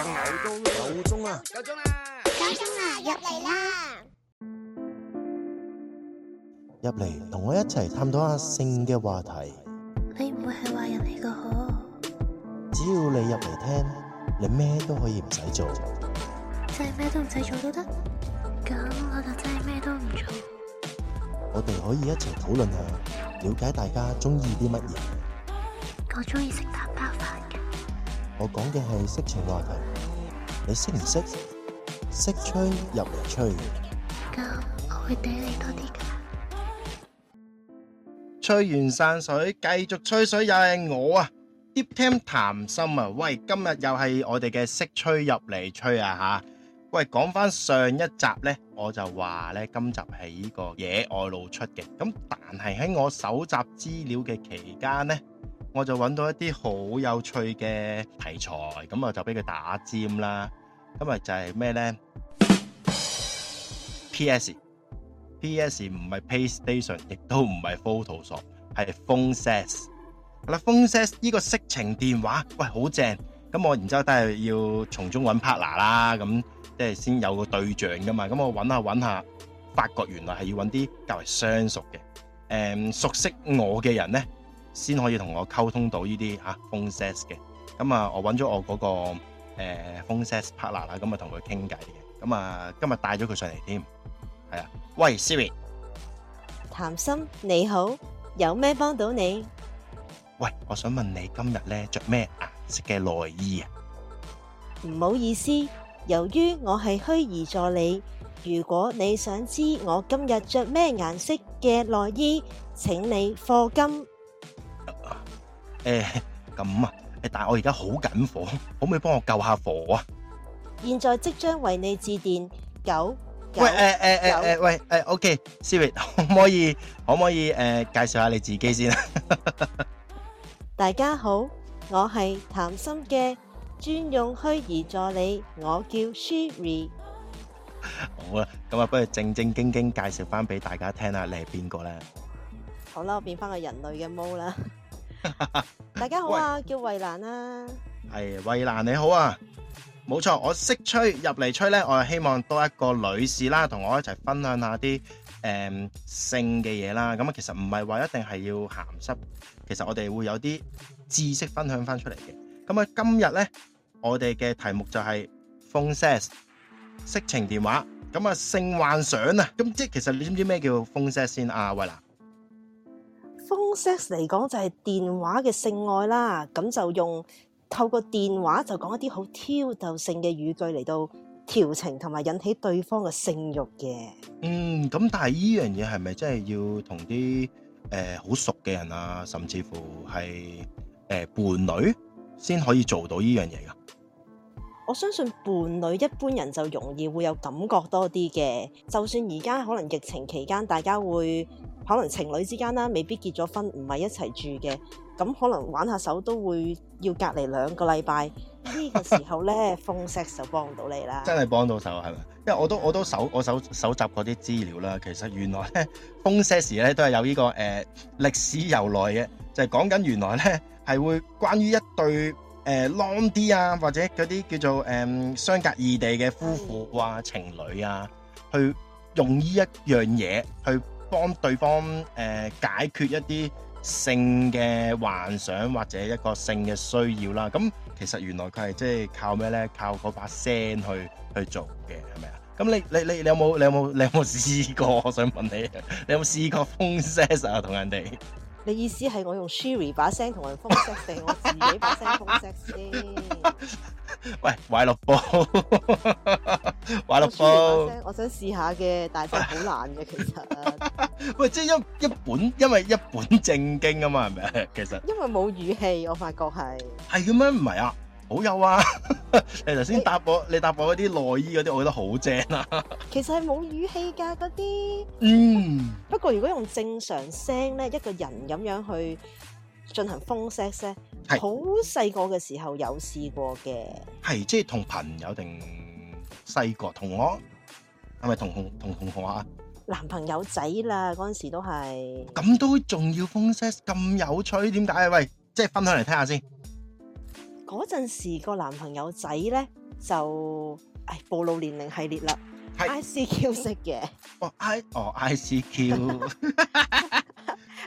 九鐘啊！九鐘啊！九鐘啊！入嚟啦！入嚟同我一齊探討下性嘅話題。你唔會係話人嚟個好？只要你入嚟聽，你咩都可以唔使做。真係咩都唔使做都得？咁我就真係咩都唔做。我哋可以一齊討論下，了解大家中意啲乜嘢。我中意食蛋包飯嘅。我講嘅係色情話題。你識唔識？色吹入嚟吹。來吹，吹完散水，繼續吹水又係我啊！DeepTam 談深啊！喂，今日又係我哋嘅色吹入嚟吹啊吓！喂，講返上一集呢，我就話呢，今集係呢個野外露出嘅。咁但係喺我搜集資料嘅期間呢。我就揾到一啲好有趣嘅題材，咁我就畀佢打尖啦。咁啊就係咩呢？P.S. P.S. 唔係 PlayStation，okay，亦都唔係 Photoshop，係 Phone S。係啦，Phone S 呢個色情電話，喂，好正。咁我然之後都係要從中揾 partner 啦，咁即係先有個對象㗎嘛。咁我揾下揾下，發覺原來係要揾啲較為相熟嘅、嗯，熟悉我嘅人呢。先可以同我溝通到呢啲啊，phone sex 嘅咁啊，我揾咗我嗰個誒 phone sex partner 啦，咁啊同佢傾偈嘅咁啊。今日帶咗佢上嚟添，係啊。喂，Siri，談深你好，有咩幫到你？喂，我想問你今日咧着咩顏色嘅內衣啊？唔好意思，由於我係虛擬助理，如果你想知我今日着咩顏色嘅內衣，請你課金。誒，咁啊！誒，但係我而家好緊火，可唔可以幫我救下火啊？現在即將為你致電九九九。喂，誒誒誒誒，喂，誒，OK，Siri，可唔可以可唔可以誒介紹下你自己先？大家好，我係談深嘅專用虛擬助理，我叫 Siri。好啊，咁啊，不如正正經經介紹翻俾大家聽下啦，你係邊個咧？好啦，我變翻個人類嘅 mode 啦。 大家好啊，喂叫衛蘭啊，是，係衛蘭，你好啊，冇錯，我識吹入嚟吹呢。我係希望多一個女士啦，同我一齊分享一下啲誒、嗯、性嘅嘢啦。咁、嗯、啊，其實唔係話一定係要鹹濕，其實我哋會有啲知識分享翻出嚟嘅。咁、嗯、啊，今日呢，我哋嘅題目就係 phone sex 色情電話，咁、嗯、啊，性幻想啊，咁即係其實你知唔知咩叫 phone sex 先啊，衛蘭？phone sex 嚟講就係電話嘅性愛啦，咁就用透過電話就講一啲好挑逗性嘅語句嚟到調情同埋引起對方嘅性欲嘅。嗯，咁但係呢樣嘢係咪真係要同啲誒好熟嘅人啊，甚至乎係誒、呃、伴侶先可以做到呢樣嘢噶？我相信伴侶一般人就容易會有感覺多啲嘅，就算而家可能疫情期間大家會。可能情侶之間啦，未必結咗婚，唔係一齊住嘅咁，可能玩下手都會要隔離兩個禮拜。呢、這個時候咧， phone sex 就幫到你啦。真係幫到手係咪？因為我都我都搜我搜蒐集嗰啲資料啦。其實原來咧，phone sex 咧都係有呢、這個誒歷、呃、史由來嘅，就係講緊原來咧係會關於一對誒 long 啲啊，或者嗰啲叫做誒、呃、相隔異地嘅夫婦啊、的情侶啊，去用呢一樣嘢去。幫對方誒、呃、解決一啲性嘅幻想或者一個性嘅需要啦，咁其實原來佢係即係靠咩咧？靠嗰把聲去去做嘅，係咪啊？咁你你你你有冇你有冇你有冇試過？我想問你，你有冇試過 Phone Sex 啊，同人哋？你意思係我用 Siri 把聲同人 Phone Sex 定我自己把聲 Phone Sex 先？喂，歪落波，歪落波。我想試下嘅，但係真係好難嘅其實。喂，即係一一本，因為一本正經啊嘛，係咪啊？其實因為冇語氣，我發覺係係咁樣，唔係啊。好有啊！ 你頭先答我，你，你答我嗰啲內衣嗰啲，我覺得好正啊！其實係冇語氣㗎嗰啲，嗯。不過如果用正常聲咧，一個人咁樣去進行 phone sex 咧，係好細個嘅時候有試過嘅，係即係同朋友定細個，同我係咪同同同同學啊？男朋友仔啦，嗰陣時都係。咁都仲要 phone sex 咁有趣？點解啊？喂，即係分享嚟聽下先。嗰陣時個男朋友仔咧就誒暴露年齡系列啦，ICQ 識嘅，哦 I 哦 ICQ，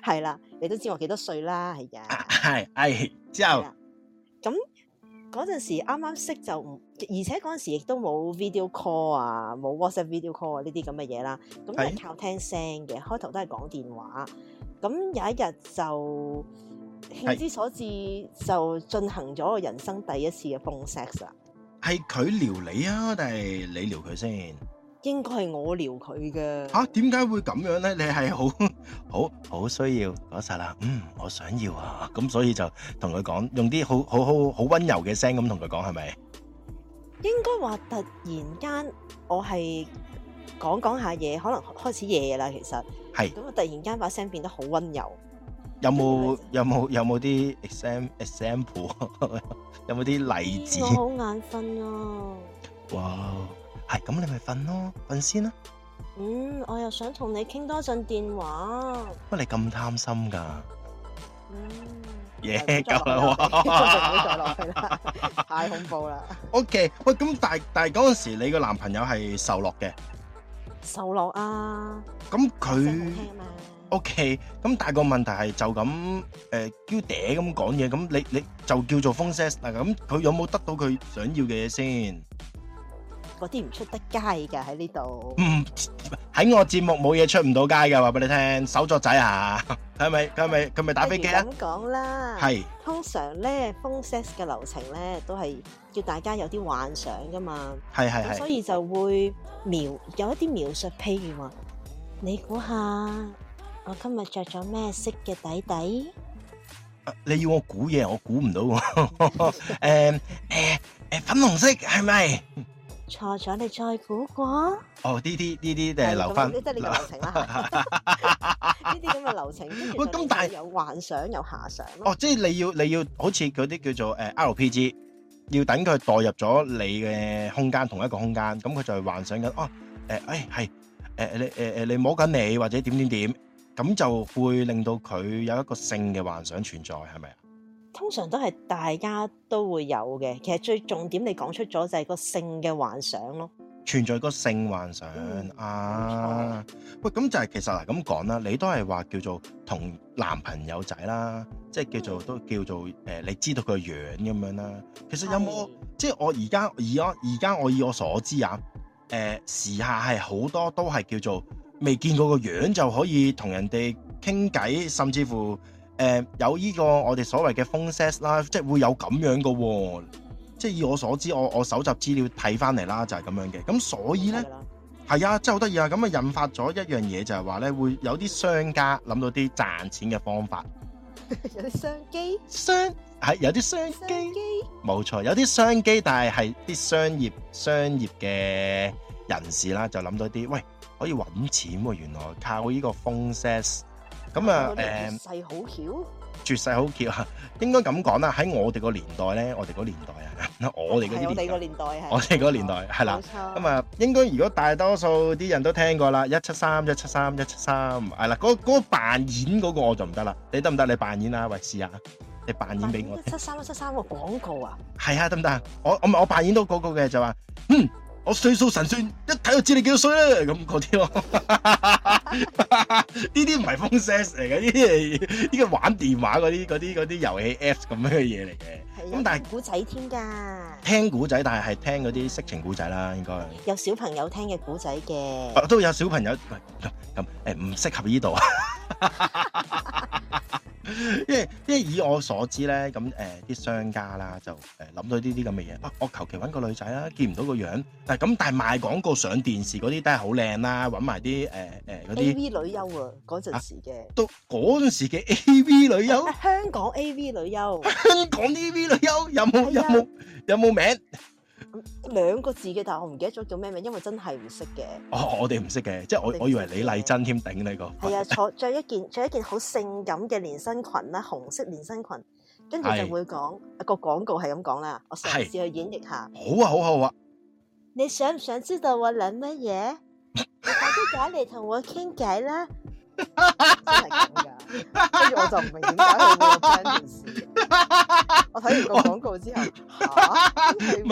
係啦，你都知我幾多歲啦係㗎，係係之後咁嗰陣時啱啱識就唔，而且嗰陣時亦都冇 video call 啊，冇 WhatsApp video call 啊呢啲咁嘅嘢啦，咁都係靠聽聲嘅，開頭都係講電話，咁有一日就。興之所至就進行咗人生第一次嘅 Phone sex 啦。係佢撩你啊，定係你撩佢先？應該係我撩佢嘅。吓，點解會咁樣咧？你係好好好需要嗰剎那，嗯，我想要啊，咁所以就同佢講，用啲好好好好溫柔嘅聲咁同佢講，係咪？應該話突然間我係講講下嘢，可能開始夜啦，其實係咁啊！突然間把聲變得好溫柔。有冇有冇有冇啲 exam example？有冇啲例子？我好眼瞓啊！哇，係咁你咪瞓咯，瞓先啦。嗯，我又想同你傾多陣電話。乜你咁貪心噶？嗯，嘢夠啦，繼續唔好再落去啦，太恐怖啦。OK，喂，咁但係但係嗰陣時你個男朋友係受落嘅？受落啊！咁佢。O.K. 咁但係個問題係就咁誒嬌嗲咁講嘢，咁你你就叫做 Phone Sex 嗱咁，佢有冇得到佢想要嘅嘢先？嗰啲唔出得街噶，喺呢度。嗯，喺我節目冇嘢出唔到街噶，話俾你聽。手作仔啊，係咪？佢係咪？佢係咪打飛機啊？講啦，係通常咧 Phone Sex 嘅流程咧，都係叫大家有啲幻想噶嘛。係係係，所以就會描有一啲描述，譬如話你估下。我今日着咗咩色嘅底底？你要我估嘢，我估唔到。誒誒誒，粉紅色係咪？錯咗，你再估過。哦，呢啲呢啲誒，留翻，即係你個流程啦。呢啲咁嘅流程。喂，咁但係有幻想有遐想。哦，即係你要你要好似嗰啲叫做誒 RPG，要等佢代入咗你嘅空間同一個空間，咁佢就幻想緊哦誒誒係誒你誒誒你摸緊你或者點點點。咁就會令到佢有一個性嘅幻想存在，係咪啊？通常都係大家都會有嘅。其實最重點你講出咗就係個性嘅幻想咯。存在個性幻想、嗯、啊！錯喂，咁就係其實嗱，咁講啦，你都係話叫做同男朋友仔啦，即係叫做、嗯、都叫做、呃、你知道佢樣咁樣啦。其實有冇的即係我而家而我而家我以我所知啊，誒、呃、時下係好多都係叫做。未見過個樣就可以同人哋傾偈，甚至乎誒、呃、有呢個我哋所謂嘅 Phone Sex 啦，即係會有咁樣嘅喎、喔。即係以我所知，我我蒐集資料睇翻嚟啦，就係、是、咁樣嘅。咁所以呢，係啊、嗯，真係好得意啊！咁啊，引發咗一樣嘢就係話呢會有啲商家諗到啲賺錢嘅方法。 有啲商機，商係有啲商機，冇機錯，有啲商機，但係係啲商業商業嘅人士啦，就諗到啲喂。可以揾錢喎，原來靠呢個 Phone Sex。咁、嗯、啊，誒、嗯，嗯、世好橋，絕世好橋啊！應該咁講啦，喺我哋個年代咧，我哋個年代啊，我哋嗰年代，我哋嗰年代係啦，冇錯。咁啊，應該如果大多數啲人都聽過啦，一七三，一七三，一七三，係啦。嗰個，嗰個扮演嗰個我就唔得啦，你得唔得？你扮演啊？喂，試下，你扮演俾我。一七三，一七三個廣告啊，係啊，得唔得啊？我我我扮演到嗰個嘅就話，嗯。我歲數神算，一睇就知你幾多歲啦，咁嗰啲咯，呢啲唔係 phone sex 嚟嘅，呢啲係呢個玩電話嗰啲嗰啲嗰啲遊戲 apps 咁樣嘅嘢嚟嘅。咁但係古仔添噶，聽古仔，但係係聽嗰啲色情古仔啦，應該有小朋友聽嘅古仔嘅，都有小朋友咁誒唔適合呢度啊，因為因為以我所知咧，咁誒啲商家啦，就誒諗到呢啲咁嘅嘢，我求其搵個女仔啦，見唔到個樣，但係咁但係賣廣告上電視嗰啲都係好靚啦，搵埋啲誒誒嗰啲 A V 女優啊，嗰陣時嘅，都嗰陣時嘅 A V 女優，香港 A V 女優，香港 A V。有有冇有冇有冇名？兩個字嘅，但係我唔記得咗叫咩名，因為真係唔識嘅。哦，我哋唔識嘅，即係我以為李麗珍添頂呢個。係啊，坐着一件着一件好性感嘅連身裙啦，紅色連身裙，跟住就會講個廣告係咁講啦。我嘗試去演繹下。好啊，好啊，好啊！你想唔想知道我諗乜嘢？你快啲嚟同我傾偈啦！真係咁噶，跟住我就唔明點解會有真人電視。我睇完個廣告之後，唔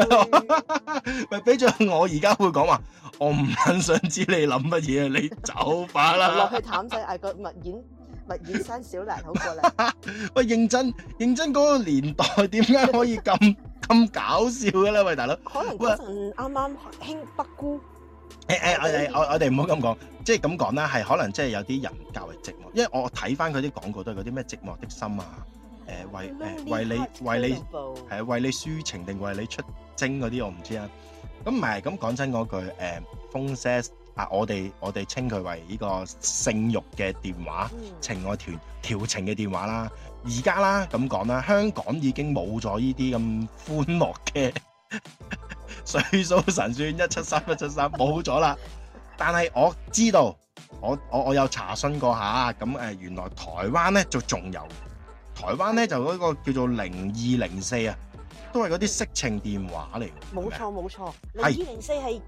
係俾咗我而家、啊、會講話，我唔想想知道你諗乜嘢，你走吧啦。落 去淡仔嗌個物演物演山小蘭好過啦。喂，認真認真嗰個年代點解可以咁咁 搞笑嘅咧？喂，大佬。可能嗰陣啱啱興北姑。誒誒、欸欸，我哋我我哋唔好咁講，即係咁講啦，係可能即係有啲人較為寂寞，因為我睇翻佢啲廣告都係嗰啲咩寂寞的心啊，誒、欸、為誒、欸、為你為你係為、欸、為你抒情定為你出征嗰啲，我唔知啊。咁唔係咁講真嗰句，誒，Phone Sex 啊，我哋我哋稱佢為呢個性慾嘅電話請我調調情愛團調情嘅電話啦。而家啦咁講啦，香港已經冇咗呢啲咁歡樂嘅。歲數神算一七三一七三冇咗啦，但係我知道我我我有查詢過下，咁誒原來台灣咧就仲有，台灣咧就嗰個叫做零二零四啊，都係嗰啲色情電話嚟，冇錯冇錯，零二零四係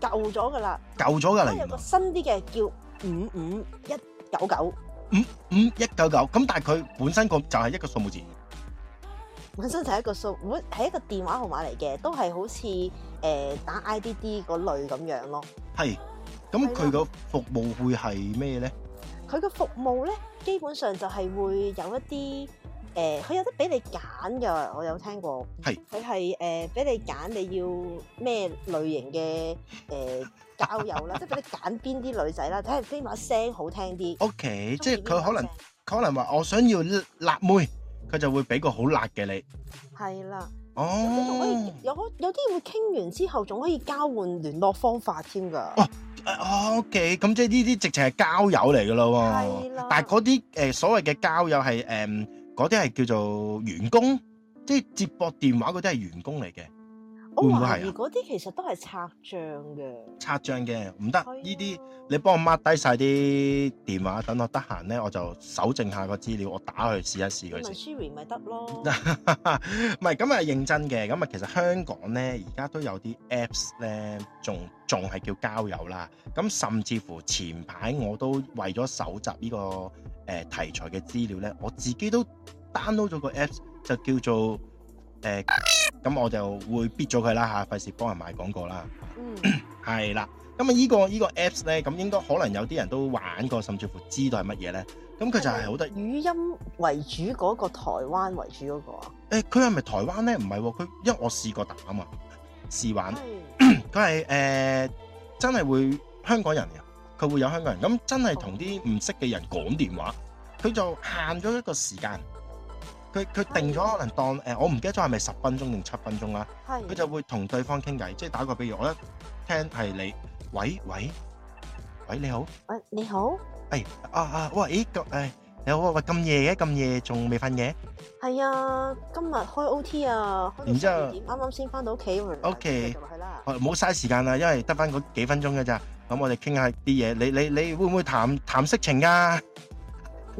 舊咗噶啦，舊咗噶啦，我有個新啲嘅叫五五一九九，五五一九九，咁但係佢本身個就係一個數目字。本身就係一個數，會係一個電話號碼嚟嘅，都係好似誒打 IDD 嗰類咁樣咯。係，咁佢個服務會係咩咧？佢個服務咧，基本上就係會有一啲誒，佢有得俾你揀嘅。我有聽過，係佢係誒俾你揀，你要咩類型嘅誒交友啦，即係俾你揀邊啲女仔啦，睇下邊把聲好聽啲。OK，即係佢可能可能話我想要辣妹。佢就會俾個好辣嘅你，係啦了。哦，有啲仲可以，有有啲會傾完之後仲可以交換聯絡方法添㗎。哦。哦，OK，咁即係呢啲直情係交友嚟㗎咯。係啦了。但係嗰啲誒所謂嘅交友係誒嗰啲係叫做員工，即係接駁電話嗰啲係員工嚟嘅。會唔會嗰啲其實都係拆賬嘅，拆賬嘅唔得。呢啲、啊、你幫我抹低晒啲電話，等我得閒咧，我就搜證下個資料，我打去試一試佢咪 Cherry 咪得咯。唔係咁啊， 是那是認真嘅咁啊，其實香港咧而家都有啲 Apps 咧，仲仲係叫交友啦。咁甚至乎前排我都為咗搜集呢、呢個誒、呃、題材嘅資料咧，我自己都 download 咗個 Apps 就叫做。誒，咁、呃、我就會逼咗佢啦吓，費事幫人賣廣告啦。係、嗯、 啦，咁啊、這個這個、呢個呢個 apps 咧，咁應該可能有啲人都玩過，甚至乎知道係乜嘢咧。咁佢就係好得意。語音為主嗰、那個台灣為主嗰、那個啊？誒、呃，佢係咪台灣咧？唔係、哦，佢因為我試過打啊嘛，試玩。佢係誒，真係會香港人嘅，佢會有香港人。咁真係同啲唔識嘅人講電話，佢就限咗一個時間。佢佢定咗可能當誒，我唔記得咗係咪十分鐘定七分鐘啦。係，佢就會同對方傾偈，即係打個比喻，我一聽係你，喂喂喂，你好，誒你好，誒啊啊，喂，咦，誒你好，喂，咁夜嘅，咁夜仲未瞓嘅？係啊，今日開 OT 啊，然之後啱啱先翻到屋企，OK，唔好嘥時間啦，因為得翻嗰幾分鐘㗎咋，咁我哋傾下啲嘢，你你你會唔會談談色情啊？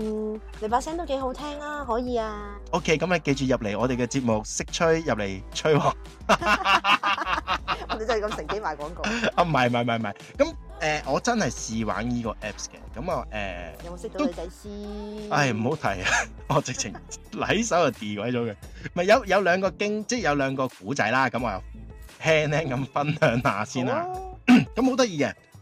嗯，你把聲都幾好聽啊，可以啊。OK，咁你記住入嚟我哋嘅節目色吹入嚟吹。我哋真係咁成機賣廣告。啊，唔係唔係唔係，咁誒、呃，我真係試玩呢個 apps 嘅，咁啊誒，呃、有冇識到女仔先？唉，唔好提啊，我直情攠手就跌鬼咗嘅。咪 有有兩個經，即係有兩個古仔啦，咁我又輕輕咁分享下先啦，咁好得意嘅。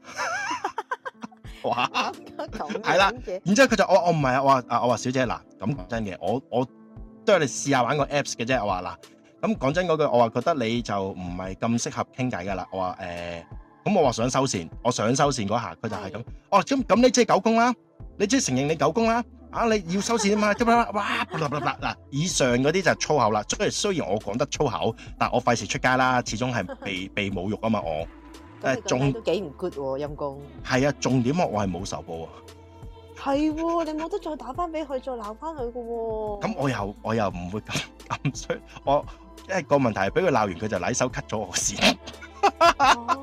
哇，係 啦，然之後佢就我我唔係啊，我話啊我話小姐嗱，咁真嘅，我我都係你試下玩個 apps 嘅啫，我話嗱，咁講真嗰句，我話覺得你就唔係咁適合傾偈噶啦，我話誒，咁、欸、我話想收線，我想收線嗰下，佢的、啊、就係咁，哦，咁咁你即係狗公啦，你即係承認你狗公啦，啊你要收線啊嘛，咁啊哇，嗱 以上嗰啲就粗口啦，即係雖然我講得粗口，但我費事出街啦，始終係被被侮辱啊嘛，我。誒，仲都幾唔 good 喎，陰公。係啊，重點我我係冇仇報啊。係，你冇得再打翻俾佢，再鬧翻佢嘅。咁我又我又唔會咁咁衰，我即係個問題係俾佢鬧完，佢就舐手 cut 咗我線。哦，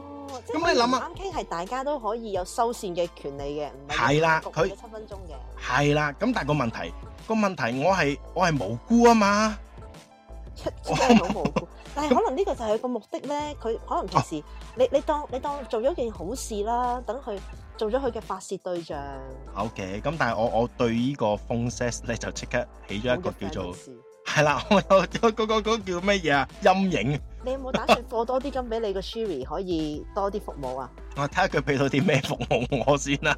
咁你諗下，咁傾係大家都可以有收線嘅權利嘅，係啦，佢七分鐘嘅，係啦，咁但係個問題個問題，我係我係無辜啊嘛，我係好無辜。但係可能呢個就係佢個目的咧，佢可能平時你、哦、你，你當你當做咗件好事啦，等佢做咗佢嘅發洩對象。O K，咁但係我我對呢個 Phone Sex 咧就即刻起咗一個叫做係啦，我有咗、嗰、嗰、個嗰個嗰個叫咩嘢啊，陰影。你有冇打算課多啲金俾你個 Siri，可以多啲服務啊？我睇下佢俾到啲咩服務我先啦。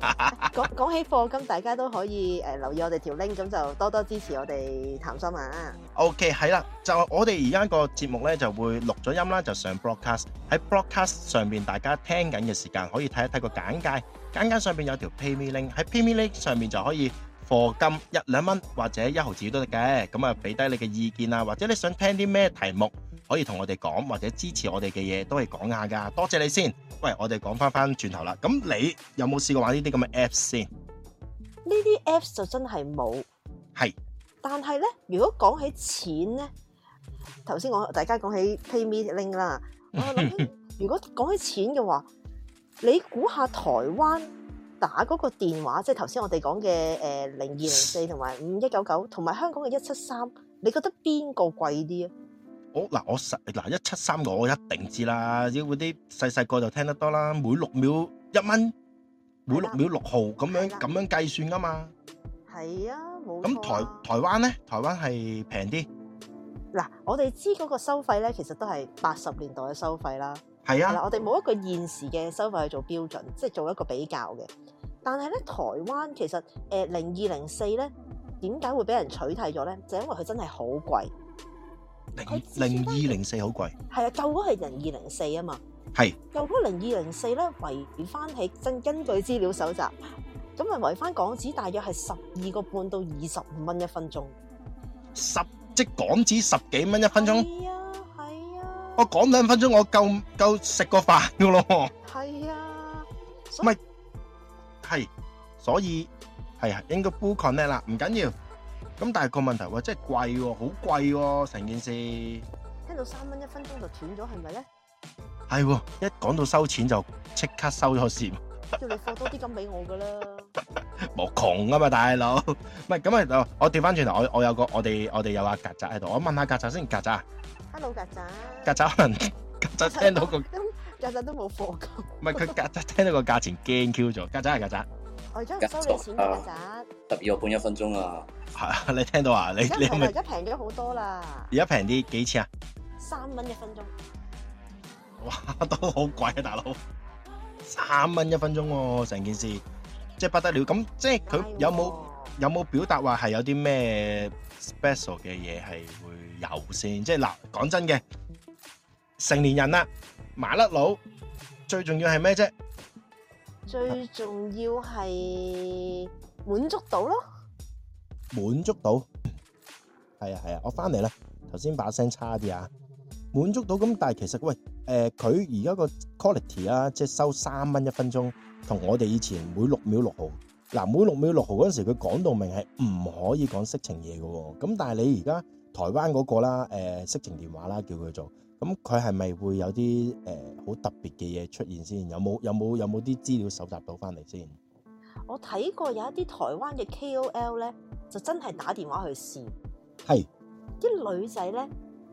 講講起課金，大家都可以誒留意我哋條 link，咁就多多支持我哋談深啊。OK，係啦，就我哋而家個節目咧就會錄咗音啦，就上 broadcast。喺 broadcast 上邊，大家聽緊嘅時間可以睇一睇個簡介，簡介上邊有條 pay me link，喺 pay me link 上邊就可以課金一兩蚊或者一毫紙都得嘅。咁啊，俾低你嘅意見啊，或者你想聽啲咩題目？可以同我哋講或者支持我哋嘅嘢都係講下噶多謝你先。喂，我哋講翻翻轉頭啦，咁你有冇試過玩呢啲咁嘅 apps 先？呢啲 apps 就真係冇。係，但係咧，如果講起錢咧，頭先我大家講起 PayMeLink 啦，我諗如果講起錢嘅話，你估下台灣打嗰個電話，即係頭先我哋講嘅誒零二零四同埋五一九九，同埋香港嘅一七三，你覺得邊個貴啲啊？我嗱，我實嗱一七三個，我一定知啦。如果啲細細個就聽得多啦，每六秒一蚊，每六秒六毫咁樣咁樣計算噶嘛。係啊，冇錯。咁台台灣咧，台灣係平啲。嗱，我哋知嗰個收費咧，其實都係八十年代嘅收費啦。係啊，我哋冇一個現時嘅收費去做標準，即係做一個比較嘅。但係咧，台灣其實誒零二零四咧，點解會俾人取締咗咧？就因為佢真係好貴。零二零四好貴，係啊，舊嗰係零二零四啊嘛，係舊嗰零二零四咧，維持翻係根根據資料搜集，咁啊維持翻港紙大約係十二個半到二十五蚊一分鐘，十即港紙十幾蚊一分鐘，係啊係啊，我講兩分鐘我夠夠食個飯噶咯，係啊，咪係，所以係啊，應該不 connect 啦，唔緊要。咁但係個問題話真係貴，好貴喎成件事。聽到三蚊一分鐘就斷咗，係咪咧？係，一講到收錢就即刻收咗線。叫你課多啲金俾我噶啦。我窮啊嘛大佬，唔係咁啊，我調翻轉頭，我我有個我哋我哋有阿曱甴喺度，我問下曱甴先，曱甴啊。Hello，曱甴。曱甴可能曱甴聽到個。都曱甴都冇課金。唔係佢曱甴聽到個價錢驚 Q 咗，曱甴係曱甴。我而家收你錢嘅啫，十二個半一分鐘啊！係啊，你聽到啊？而家而家平咗好多啦！而家平啲幾錢啊？三蚊一分鐘，哇，都好貴啊，大佬！三蚊一分鐘喎，成件事，即係不得了！咁即係佢有冇有冇表達話係有啲咩 special 嘅嘢係會有先？即係嗱，講真嘅，成年人啦，麻甩佬，最重要係咩啫？最重要係滿足到咯，滿足到，係啊係啊，我翻嚟啦，頭先把聲差啲啊，滿足到，咁但係其實喂，誒佢而家個 quality 啊，即係收三蚊一分鐘，同我哋以前每六秒六毫，嗱每六秒六毫嗰陣時佢講到明係唔可以講色情嘢㗎，咁但係你而家台灣嗰、嗰個啦，誒、呃、色情電話啦叫佢做。咁佢係咪會有啲誒好特別嘅嘢出現先？有冇有冇有冇啲資料搜集到翻嚟先？我睇過有一啲台灣嘅 KOL 咧，就真係打電話去試。係啲是女仔咧，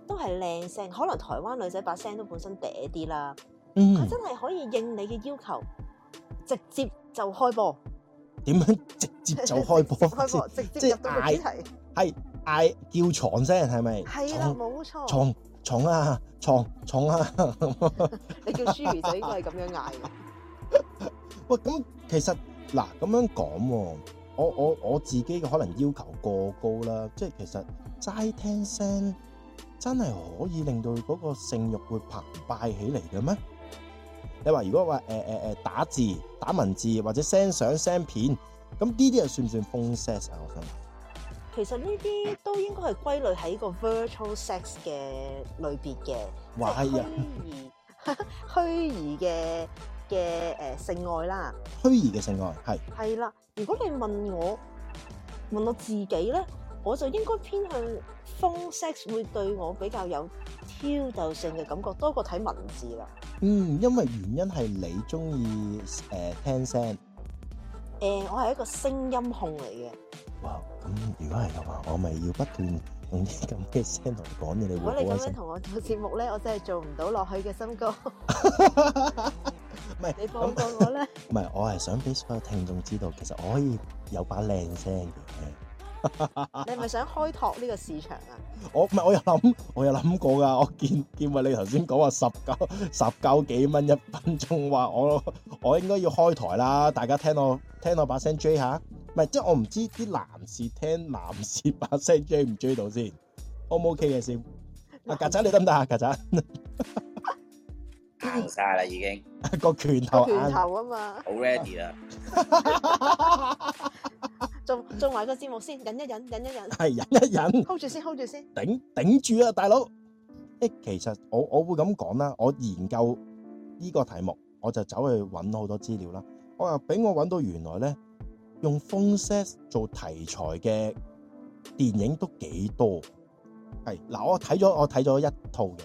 都係靚聲，可能台灣女仔把聲都本身嗲啲啦。嗯，佢真係可以應你嘅要求，直接就開播。點樣直接就開播？ 直接入到嗌係嗌叫床聲係咪？係啊，冇的床錯。床重啊，重啊重啊！ 你叫 Siri 就應該係咁樣嗌嘅。 喂，咁其實嗱咁樣講、啊，我我我自己嘅可能要求過高啦。即係其實齋聽聲，真係可以令到嗰個性慾會澎湃起嚟嘅咩？你話如果話誒誒誒打字、打文字或者 send 相、send 片，咁呢啲係算唔算 Phone Sex 啊？我想問。其實呢啲都應該係歸類喺個 virtual sex 嘅類別嘅，即係哇虛擬 虛擬嘅嘅誒性愛啦。虛擬嘅性愛係係啦。如果你問我問我自己咧，我就應該偏向 phone sex 會對我比較有挑逗性嘅感覺，多過睇文字啦。嗯，因為原因係你中意誒聽聲。誒，我係一個聲音控嚟嘅。哇，咁如果係嘅話，我咪要不斷用啲咁嘅聲同你講嘢。如果你咁樣同我做節目咧，我真係做唔到落去嘅身高。唔係，你放過我咧。唔係，我係想俾所有聽眾知道，其實我可以有把靚聲嘅。你係咪想開拓呢個市場啊？我唔係，我有諗，我有諗過噶。我見見埋你頭先講話十九十九幾蚊一分鐘，仲話我我應該要開台啦。大家聽我聽我把聲追吓，唔係，即係我唔知啲男士聽男士把聲追唔追到先，O 唔 OK 嘅先。阿曱甴你得唔得啊？曱甴行晒啦已經，個拳頭拳頭啊嘛，好 ready 啦。做做埋個節目先，忍一忍，忍一忍。係忍一忍，hold 住先，hold 住先，住住先頂頂住啊，大佬！誒、欸，其實我我會咁講啦，我研究呢個題目，我就走去揾好多資料啦。我又俾我揾到原來咧，用 Phone Sex 做題材嘅電影都幾多。係嗱，我睇咗我睇咗一套嘅，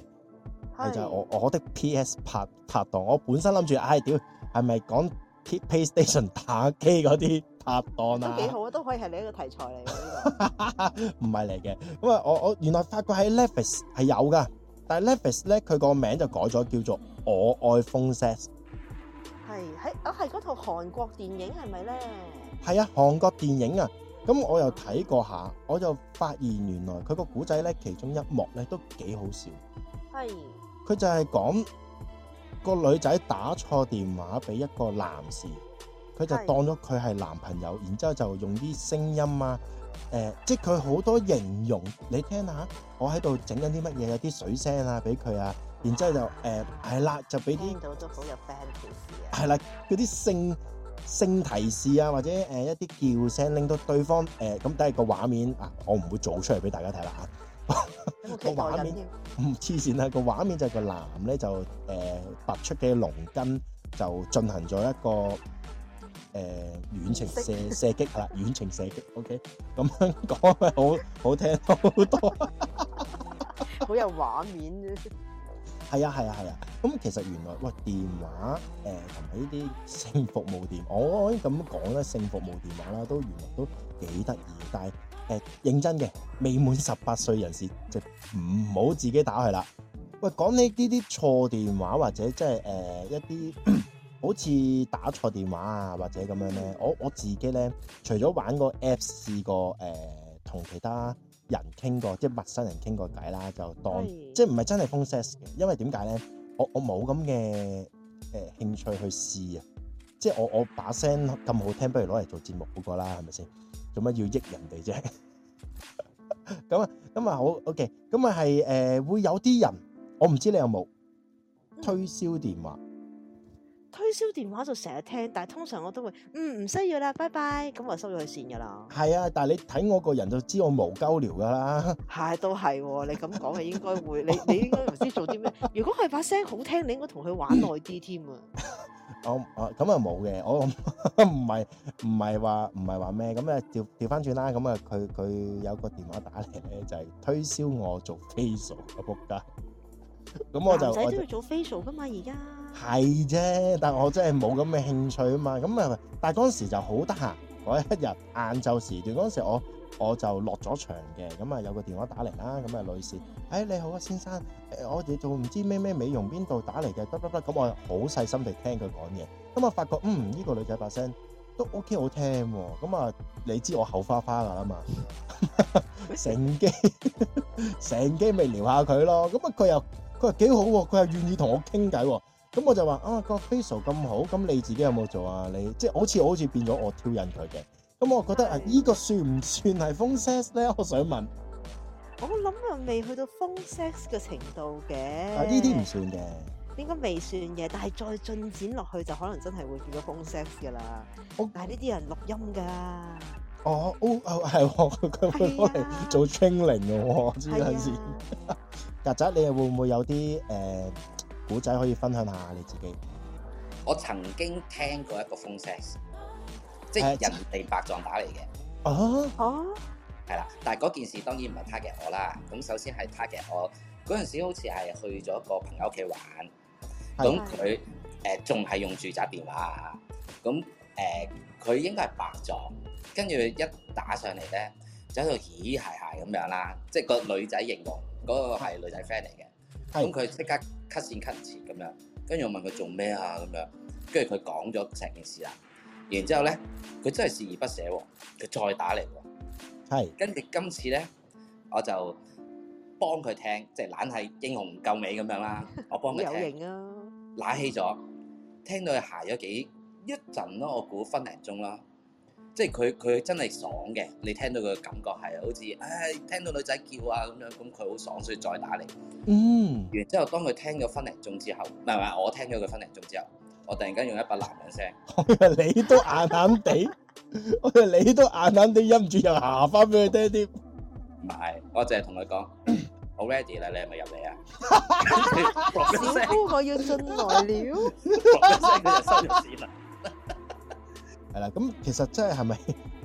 係是就係我我的 PS 拍檔。我本身諗住，唉、哎、屌，係咪講？PlayStation 打機嗰啲拍檔啊，都幾好啊，都可以係你一個題材嚟嘅。唔係嚟嘅，咁啊，我我原來發覺喺 Levis 係有噶，但係 Levis 咧佢個名就改咗叫做我愛風 sex 係喺啊係嗰套韓國電影係咪咧？係啊，韓國電影啊，咁我又睇過下，啊、我就發現原來佢個古仔咧其中一幕咧都幾好笑。係是。佢就係講。個女仔打錯電話俾一個男士，佢就當咗佢係男朋友，然之後就用啲聲音啊，誒、呃，即係佢好多形容你聽下，我喺度整緊啲乜嘢，有啲水聲啊，俾佢啊，然之後就誒係、呃、啦，就俾啲，到都好有 fans 故事係啦，嗰啲聲提示啊，或者誒、呃、一啲叫聲，令到對方誒咁，但、呃、係個畫面啊，我唔會做出嚟俾大家睇啦吓。個畫 Okay, 面，唔黐線啦，個畫面，面就個男咧就誒拔、呃、出嘅龍筋就進行咗一個誒遠、呃、程射色射擊係啦，遠程射擊，OK，咁樣講咪好好聽好多，好有畫面。係啊係啊係啊，咁其實原來喂電話誒同埋呢啲性服務電，我可以咁講啦，性服務電話啦，都原來都幾得意，但係。誒、欸，認真嘅未滿十八歲人士就唔好自己打佢啦。喂，講你呢啲錯電話或者即係誒一啲好似打錯電話啊或者咁樣咧，我我自己咧，除咗玩個 app 試過，誒、呃、同其他人傾過，即係陌生人傾過偈啦，就當是的即係唔係真係 phone sex 嘅。因為點解咧？我我冇咁嘅誒興趣去試啊。即係我我把聲咁好聽，不如攞嚟做節目好過啦，係咪先？做乜要益人哋啫？咁啊，咁啊好，OK，咁啊係，誒，會有啲人，我唔知你有冇推銷電話？推銷電話就成日聽，但係通常我都會，嗯，唔需要啦，拜拜，咁我收咗佢線㗎喇。係啊，但係你睇我個人就知我無鳩聊㗎喇。係，都係喎，你咁講係應該會，你你應該唔知做啲咩？如果佢把聲好聽，你應該同佢玩耐啲添啊。我我咁啊冇嘅，我唔係唔係話唔係話咩，咁啊調調翻轉啦，咁啊佢佢有個電話打嚟咧就係、是、推銷我做 facial 嘅仆街，咁我就男仔都要做 facial 噶嘛而家係啫，的 但我真係冇咁嘅興趣啊嘛，咁啊但係嗰陣時就好得閒，嗰一日晏晝時段嗰陣時我我就落咗場嘅，咁啊有個電話打嚟啦，咁啊女士，哎你好啊先生。我哋做唔知咩咩美容邊度打嚟嘅？不不不，咁我好細心地聽佢講嘢，咁我發覺嗯呢、這個女仔把聲都 O K 好聽，咁、嗯、啊你知我口花花啦嘛，成機成機咪撩下佢咯，咁啊佢又佢又幾好，佢又願意同我傾偈，咁我就話啊個 facial 咁好，咁你自己有冇做啊？你即係、就是、好似我好似變咗我挑引佢嘅，咁、嗯、我覺得啊呢、這個算唔算係 Phone Sex 咧？我想問。我諗又未去到 phone sex 嘅程度嘅，啊呢啲唔算嘅，應該未算嘅，但係再進展落去就可能真係會見到 phone sex 噶啦。哦，但係呢啲人錄音噶，哦哦係，佢佢攞嚟做清零嘅喎，知唔知啊？曱甴你哋會唔會有啲誒古仔可以分享下你自己？我曾經聽過一個 phone sex，即係人哋白撞打嚟嘅。哦哦。係啦，但係嗰件事當然唔係 target 我啦。咁首先係 target 我嗰陣時，好似係去咗個朋友屋企玩。咁佢誒仲係用住宅電話。咁誒佢應該係白撞，跟住一打上嚟咧，就喺度咦係係咁樣啦。即係個女仔形容嗰個係女仔 friend 嚟嘅。咁佢即刻 cut 線 cut 線咁樣，跟住我問佢做咩啊咁樣，跟住佢講咗成件事啦。然之後咧，佢真係視而不捨喎，佢再打嚟係，跟住今次咧，我就幫佢聽，即係懶係英雄救美咁樣啦。我幫佢聽，有型啊。乸起咗，聽到佢喊咗幾一陣咯，我估分零鐘啦。即係佢佢真係爽嘅，你聽到佢嘅感覺係好似唉聽到女仔叫啊咁樣，咁佢好爽，所以再打嚟。嗯。然之後當佢聽咗分零鐘之後，唔係唔係，我聽咗佢分零鐘之後。我突然間用一把男人聲，我你都硬硬地，我你都硬硬地忍，忍唔住又行翻俾佢爹哋。唔係，我淨係同佢講，好 ready 啦，你係咪入嚟啊？小姑我要進來了，了，佢就收咗線啦。係啦，咁其實真係係咪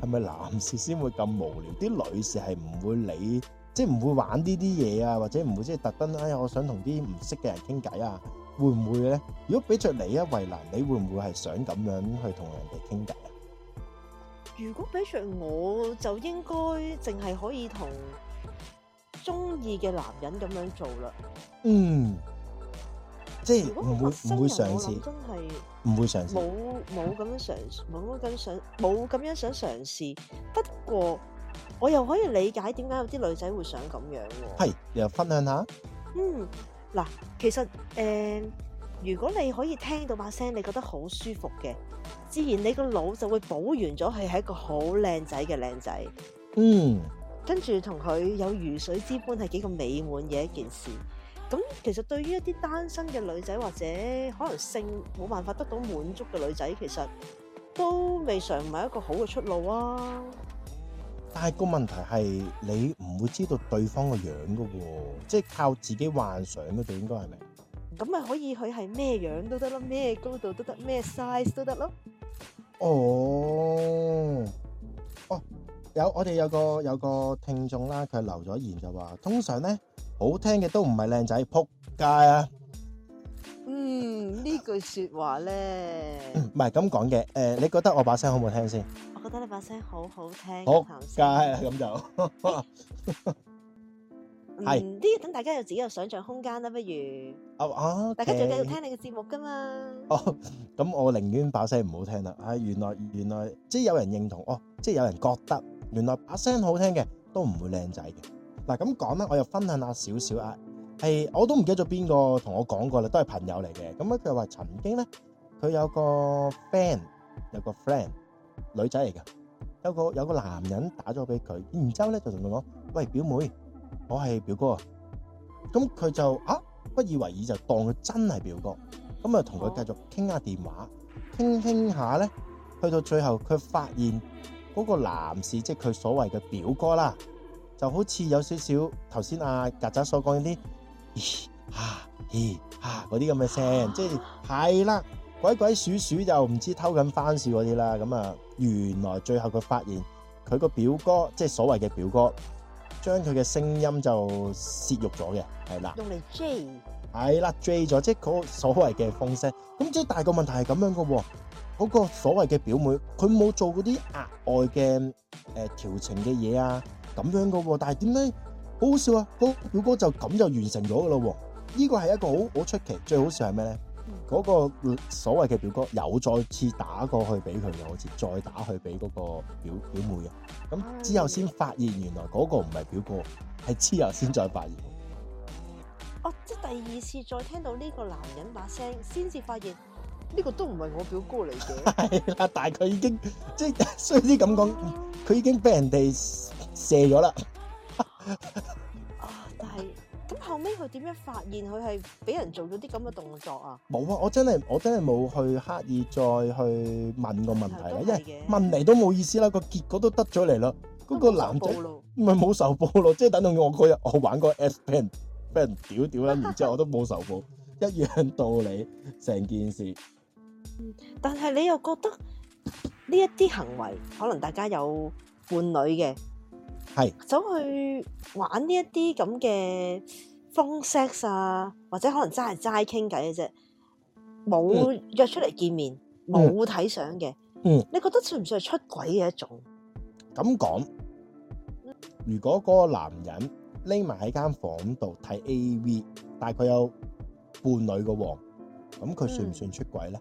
係咪男士先會咁無聊？啲女士係唔會理，即係唔會玩呢啲嘢啊，或者唔會即係特登，哎呀，我想同啲唔識嘅人傾偈啊。會唔會咧？如果俾着你啊，為難你會唔會係想咁樣去同人哋傾偈？如果俾着我，就應該淨係可以同中意嘅男人咁樣做啦。嗯，即係唔會唔會嘗試，真係唔會嘗試，冇冇咁樣嘗試，冇咁樣想，冇咁樣想嘗試。不過我又可以理解，點解有啲女仔會想咁樣？係，又分享下。嗯。嗱，其實誒、嗯，如果你可以聽到把聲，你覺得好舒服嘅，自然你個腦就會補完咗，係一個好靚仔嘅靚仔。嗯，跟住同佢有魚水之歡，係幾個美滿嘅一件事。咁其實對於一啲單身嘅女仔，或者可能性冇辦法得到滿足嘅女仔，其實都未嘗唔係一個好嘅出路啊。但係個問題係你唔會知道對方個樣噶喎，即係靠自己幻想嘅就應該係咪？咁咪可以佢係咩樣都得咯，咩高度都得，咩 size 都得咯。哦，哦，有我哋有個有個聽眾啦，佢留咗言就話，通常咧好聽嘅都唔係靚仔，扑街啊！嗯，這句呢句、嗯、說話咧，唔係咁講嘅。誒，你覺得我把聲好唔好聽先？我覺得你把聲好好聽，啊，好，行街啊咁才就係啲等大家有自己嘅想象空間啦。不如啊，oh, okay. 大家仲繼續聽你嘅節目噶嘛？哦，咁我寧願把聲唔好聽啦。啊、哎，原來原來即係有人認同哦，即係有人覺得原來把聲好聽嘅都唔會靚仔嘅。嗱，咁講啦，我又分享下少少啊。嗯係，我都唔記得咗邊個同我講過啦，都係朋友嚟嘅。咁佢話曾經咧，佢有個 friend 有個 friend 女仔嚟嘅，有個有個男人打咗俾佢，然之後咧就同佢講，喂，表妹，我係表哥。咁佢就啊不以為意，就當佢真係表哥。咁啊，同佢繼續傾下電話，傾傾下咧，去到最後佢發現嗰個男士即係佢所謂嘅表哥啦，就好似有少少頭先阿曱甴所講啲。啊，啊，嗰啲咁嘅聲，即係係啦，鬼鬼祟祟就，偷偷就唔知偷緊番薯嗰啲啦。咁啊，原來最後佢發現佢個表哥，即、就、係、是、所謂嘅表哥，將佢嘅聲音就攝入咗嘅，係啦，用嚟 J，係啦 J 咗，即係嗰個所謂嘅風聲。咁即係，大個問題係咁樣噶，嗰、那個所謂嘅表妹，佢冇做嗰啲額外嘅誒調情嘅嘢啊，咁樣噶喎。但係點解？好好笑啊！好、嗰個、表哥就咁就完成咗噶咯，呢個係一個好好出奇。最好笑係咩咧？嗰、嗯、個所謂嘅表哥又再次打過去俾佢又好似再打去俾嗰個表表妹啊。咁之後先發現原來嗰個唔係表哥，係之後先再發現。哦、啊，即係第二次再聽到呢個男人把聲，先至發現呢、這個都唔係我表哥嚟嘅。係啦， 但係佢已經即係雖然啲咁講，佢已經俾人哋射咗啦。啊！但係咁後尾佢點樣發現佢係俾人做咗啲咁嘅動作啊？冇啊！我真係我真係冇去刻意再去問個問題啦，因為問嚟都冇意思啦，個結果都得咗嚟啦。嗰個男仔唔係冇仇報，即係等同我嗰日我玩個 S Pen 俾人屌屌啦，然之後我都冇仇報， 一樣道理。成件事，但係你又覺得呢一啲行為，可能大家有伴侶嘅。係走是去玩呢一啲咁嘅 phone sex 啊，或者可能真係齋傾偈嘅啫，冇約出嚟見面，冇睇相嘅。嗯，嗯，你覺得算唔算係出軌嘅一種？咁講，如果嗰個男人匿埋喺間房度睇 A V，但係佢有伴侶嘅，咁佢算唔算出軌咧？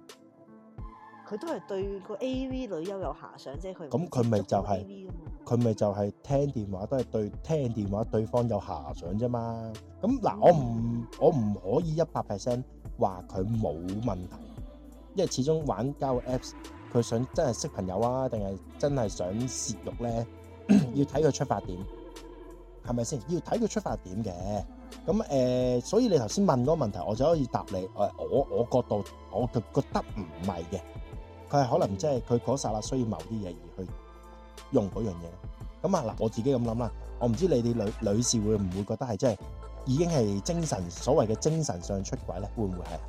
佢、嗯嗯、都係對個 A V 女優有遐想啫，佢咁佢咪就係。佢咪就係聽電話，都係對聽電話對方有遐想啫嘛。咁嗱，我唔我唔可以一百 percent 話佢冇問題，因為始終玩交友 apps，佢想真係識朋友啊，定係真係想泄慾咧？ 要睇佢出發點，係咪先？要睇佢出發點嘅。咁誒、呃，所以你頭先問嗰個問題，我就可以答你。誒，我我角度，我就覺得唔係嘅。佢係可能即係佢嗰剎那需要某啲嘢而去。用嗰樣嘢，咁啊嗱，我自己咁諗啦，我唔知你哋女女士會唔會覺得係即係已經係精神所謂嘅精神上出軌咧，會唔會係？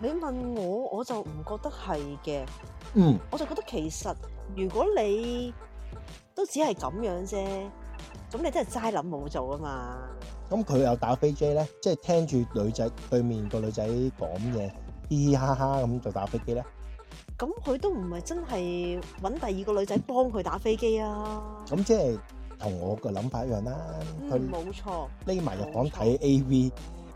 你問我，我就唔覺得係嘅。嗯，我就覺得其實如果你都只係咁樣啫，咁你真係齋諗冇做啊嘛。咁佢又打飛機咧，即係聽住女仔對面個女仔講嘢，嘻嘻哈哈咁就打飛機咧。咁佢都唔係真係揾第二個女仔幫佢打飛機啊。咁即係同我個諗法一樣啦，啊。佢冇錯匿埋入房睇 A V，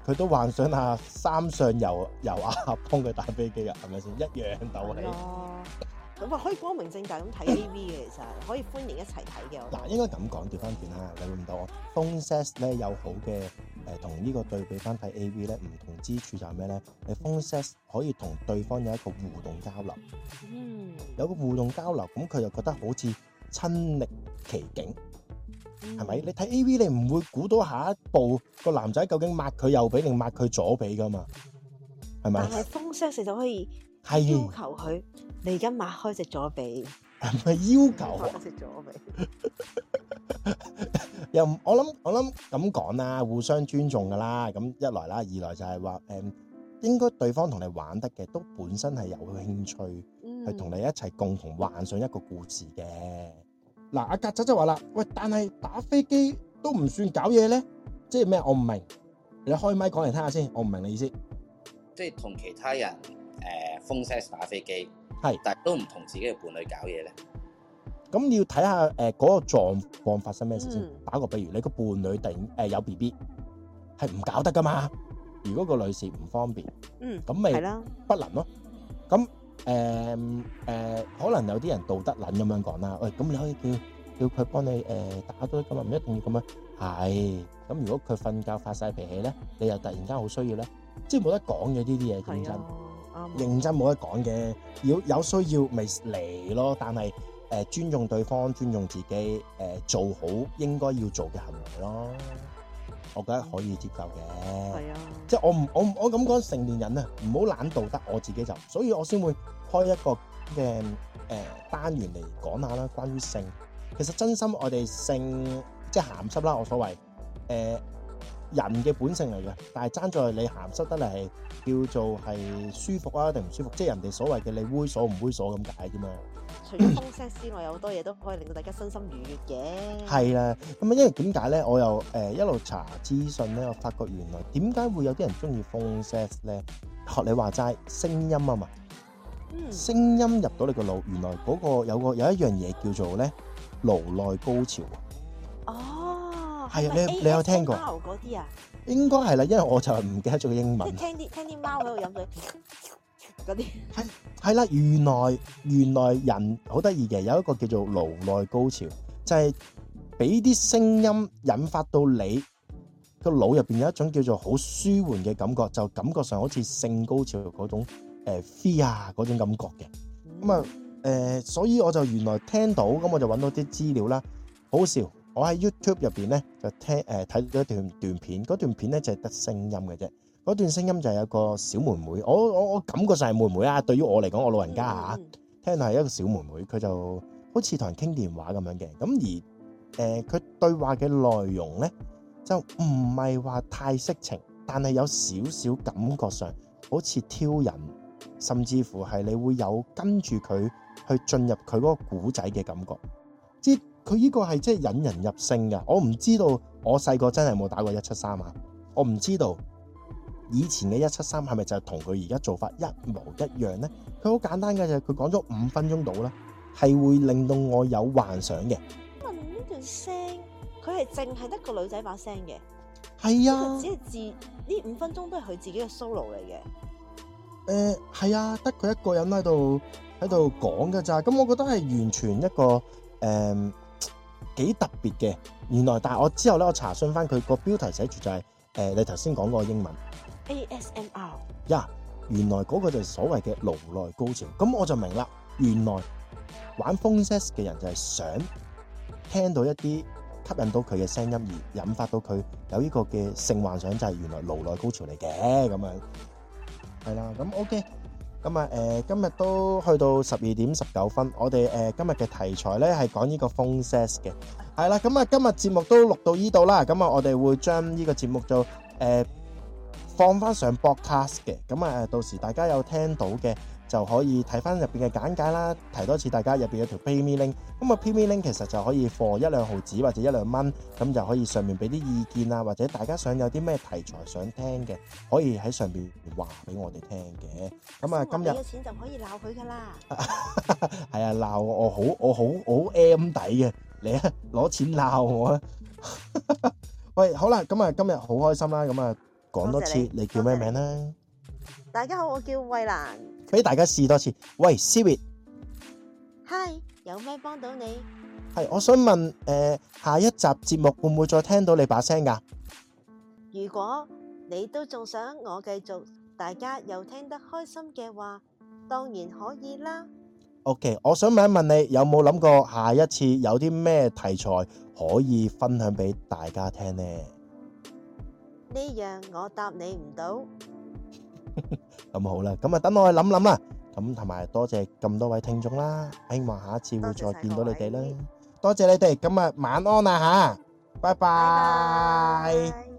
佢錯都幻想下三上游由阿三上悠亞幫佢打飛機啊，係咪先，一樣道理。可以光明正大咁睇 A V 嘅，其實可以歡迎一齊睇嘅。嗱，應該咁講，調翻轉啦，你會唔到我。Phone sex 咧有好嘅誒，同呢個對比翻睇 A V 咧，唔同之處就係咩咧？係 Phone sex 可以同對方有一個互動交流。嗯。有個互動交流，咁佢就覺得好似親歷其境，係咪、嗯？你睇 A V 你唔會估到下一步、個男仔究竟抹佢右臂定抹佢左臂噶嘛？係咪？但係 Phone sex 其實可以。係要求佢，你而家擘開隻左臂，係要求、啊，擘開隻左臂。又我諗我諗咁講啦，互相尊重噶啦。咁一來啦，二來就係話，誒、嗯，應該對方同你玩得嘅，都本身係有興趣，去同、嗯、你一齊共同幻想一個故事嘅。嗱、嗯，阿、啊、格仔就話啦，喂，但係打飛機都唔算搞嘢咧，即係咩？我唔明，你開麥講嚟聽下先，我唔明你意思。即係同其他人。誒，Phone sex 打飛機係，但係都唔同自己嘅伴侶搞嘢咧。咁你要睇下誒嗰個狀況發生咩事先。打個譬如，你個伴侶突然誒有 BB 係唔搞得㗎嘛？如果個女士唔方便，嗯，咁咪係啦，不能咯。咁誒誒，可能有啲人道德撚咁樣講啦。喂，咁你可以叫叫佢幫你誒打多啲咁啊，唔一定要咁樣係。咁如果佢瞓覺發晒脾氣咧，你又突然間好需要咧，即係冇得講嘅呢啲嘢，認真。認真冇得講嘅，要有需要咪嚟咯。但係誒，尊重對方，尊重自己，誒，做好應該要做嘅行為咯。我覺得可以接受嘅，係啊，即係我唔我唔我咁講成年人啊，唔好懶道德，我自己就，所以我先會開一個嘅誒單元嚟講下啦，關於性。其實真心我哋性即係鹹濕啦，我所謂誒。人嘅本性嚟嘅，但係爭在你鹹濕得嚟叫做係舒服啊定唔舒服，即係人哋所謂嘅你猥瑣唔猥瑣咁解啫嘛。除咗 Phone Sex 之外，有好多嘢都可以令到大家身心愉悅嘅。係啦，咁啊，因為點解咧？我又誒一路查資訊咧，我發覺原來點解會有啲人鍾意 Phone Sex 咧？學你話齋，聲音啊嘛，聲音入到你個腦，原來嗰個有個有一樣嘢叫做咧腦內高潮。係啊，你你有聽過？應該係啦，因為我就唔記得咗個英文。即係聽啲聽啲貓喺度飲水嗰啲。係係啦，原來原來人好得意嘅，有一個叫做顱內高潮，就係俾啲聲音引發到你個腦入邊有一種叫做好舒緩嘅感覺，就感覺上好似性高潮嗰種誒 feel 啊嗰種感覺嘅。咁啊誒，所以我就原來聽到咁，我就揾到啲資料啦，好笑。我喺 YouTube 入邊咧就聽誒睇到一段段片，嗰段片咧就係得聲音嘅啫，嗰段聲音就係有個小妹妹，我我我感覺就係妹妹啊，對於我嚟講，我老人家啊，聽到係一個小妹妹，佢就好似同人傾電話咁樣嘅，咁而誒佢、呃、對話嘅內容咧就唔係話太色情，但係有少少感覺上好似挑人，甚至乎係你會有跟住佢去進入佢嗰個古仔嘅感覺，之。佢呢個係即係引人入勝嘅，我唔知道我細個真係冇打過一七三啊！我唔知道以前嘅一七三係咪就係同佢而家做法一模一樣咧？佢好簡單嘅就係佢講咗五分鐘到啦，係會令到我有幻想嘅。問呢段聲，佢係淨係得個女仔把聲嘅，係啊、呃、啊，只係自呢五分鐘都係佢自己嘅 solo 嚟嘅。誒係啊，得佢一個人喺度喺度講㗎咋，咁我覺得係完全一個誒。嗯幾特別嘅，原來，但係我之後咧，我查詢翻佢個標題寫住就係、是，誒、呃、你頭先講嗰個英文 ASMR，呀，ASMR yeah, 原來嗰個就係所謂嘅顱內高潮，咁我就明啦，原來玩 phone sex 嘅人就係想聽到一啲吸引到佢嘅聲音而引發到佢有呢個嘅性幻想，就係、是、原來顱內高潮嚟嘅咁樣，係啦，咁 OK。那啊呃、今日都去到十二點十九分，我哋、呃、今日嘅題材呢係講呢個 Phone Sex 嘅，係啦，咁啊今日節目都錄到呢度啦，咁、啊、我哋會將呢個節目就、呃、放返上 podcast 嘅，咁、啊、到時大家有聽到嘅。就可以睇翻入邊嘅簡介啦，提多次大家入邊有條 PayMe link，咁啊 PayMe link 其實就可以放一兩毫紙或者一兩蚊，咁就可以上面俾啲意見啊，或者大家想有啲咩題材想聽嘅，可以喺上邊話俾我哋聽嘅。咁啊今日，你嘅錢就可以鬧佢噶啦。係 啊，鬧我，我好，我好好 M 底嘅，你啊攞錢鬧我啊。我 喂，好啦，咁啊今日好開心啦，咁啊講多次你叫咩名咧？大家好，我叫衛蘭。俾大家試多次。喂，Siri，Hi，有咩幫到你？係，我想問，誒、呃，下一集節目會唔會再聽到你把聲㗎？如果你都仲想我繼續，大家又聽得開心嘅話，當然可以啦。OK，我想問一問你，有冇諗過下一次有啲咩題材可以分享俾大家聽呢？呢樣我答你唔到。咁 好啦，咁啊等我去諗諗啦，咁同埋多謝咁多位聽眾啦，希望下一次會再見到你哋啦，多謝，多謝你哋，咁啊晚安啦吓，拜拜。拜拜拜拜。